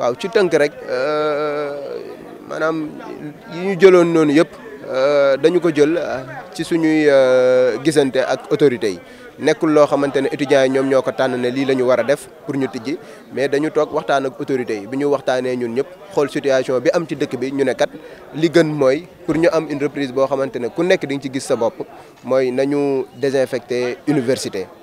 waaw ci tënk rek euh, maanaam yi ñu jëloon noonu yëpp euh, dañu ko jël euh, ci suñuy gisante ak autorités yi nekkul loo xamante ne étudiants yi ñoom ñoo ko tànn lii la ñu war a def pour ñu tijji mais dañu toog waxtaan ak autorités yi bi ñu waxtaanee ñun ñëpp xool situation bi am ci dëkk bi ñu ne kat li gën mooy pour ñu am une boo xamante ne ku nekk di nga ci gis sa bopp mooy nañu désinfecter université.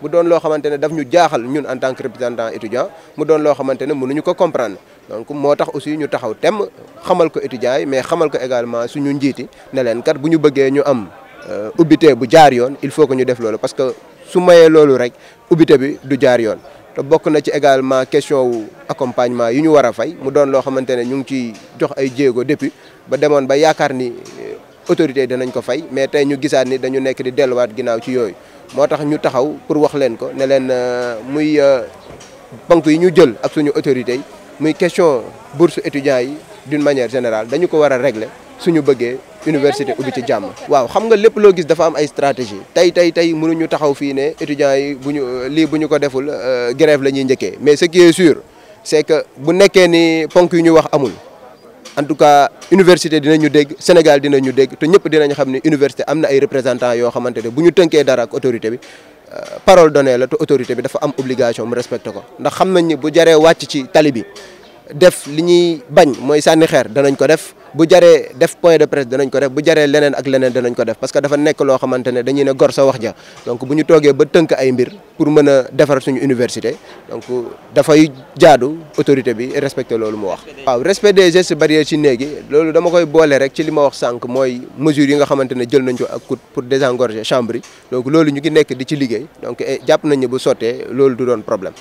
mu doon loo xamante ne daf ñu jaaxal ñun en tant que représentant étudiant mu doon loo xamante ne mënuñu ko comprendre donc moo tax aussi ñu taxaw tem xamal ko étudiants yi mais xamal ko également suñu njiiti ne leen kat bu ñu bëggee ñu am euh, ubbite bu jaar yoon il faut que ñu def loolu parce que su mayee loolu rek ubbite bi du jaar yoon te bokk na ci également question wu accompagnement yi ñu war a fay mu doon loo xamante ne ñu ngi ciy jox ay jéego depuis ba demoon ba yaakaar ni autorités yi danañ ko fay mais tey ñu gisaat ni dañu nekk di delluwaat ginnaaw ci yooyu moo tax ñu taxaw pour wax leen ko ne leen euh, muy banque euh, yi ñu jël ak suñu autorités yi muy question bourse étudiants yi d'une manière générale dañu ko war a régler suñu bëggee université ubbi ci jàmm. waaw xam nga lépp loo gis dafa am ay stratégie tey tey tey ñu taxaw fii ne étudiants yi bu ñu euh, lii bu ñu ko deful grève la ñuy njëkkee mais ce qui est sûr c'est que bu nekkee ni ponk yu ñu wax amul. en tout cas université dinañu dégg Sénégal dinañu dégg te ñëpp dinañ xam ne université am na ay représentants yoo xamante ne bu ñu tënkee dara ak autorité bi euh, parole donnée la te autorité bi dafa am obligation mu respecté ko ndax xam nañ ni bu jaree wàcc ci tali bi def li ñuy bañ mooy sànni xeer danañ ko def. bu jaree def point de presse danañ ko def bu jaree leneen ak leneen danañ ko def parce que dafa nekk loo xamante ne dañuy ne gor sa wax ja donc bu ñu toogee ba tënk ay mbir pour mën a defar suñu université donc dafay jaadu autorité bi respecté loolu mu wax. waaw respect des gestes barrières ci loolu dama koy boole rek ci li ma wax sànq mooy mesures yi xamante ne jël nañ ko ak pour désengorger chambre yi donc loolu ñu ngi nekk di ci liggéey donc eh, jàpp nañu bu sottee loolu du doon problème.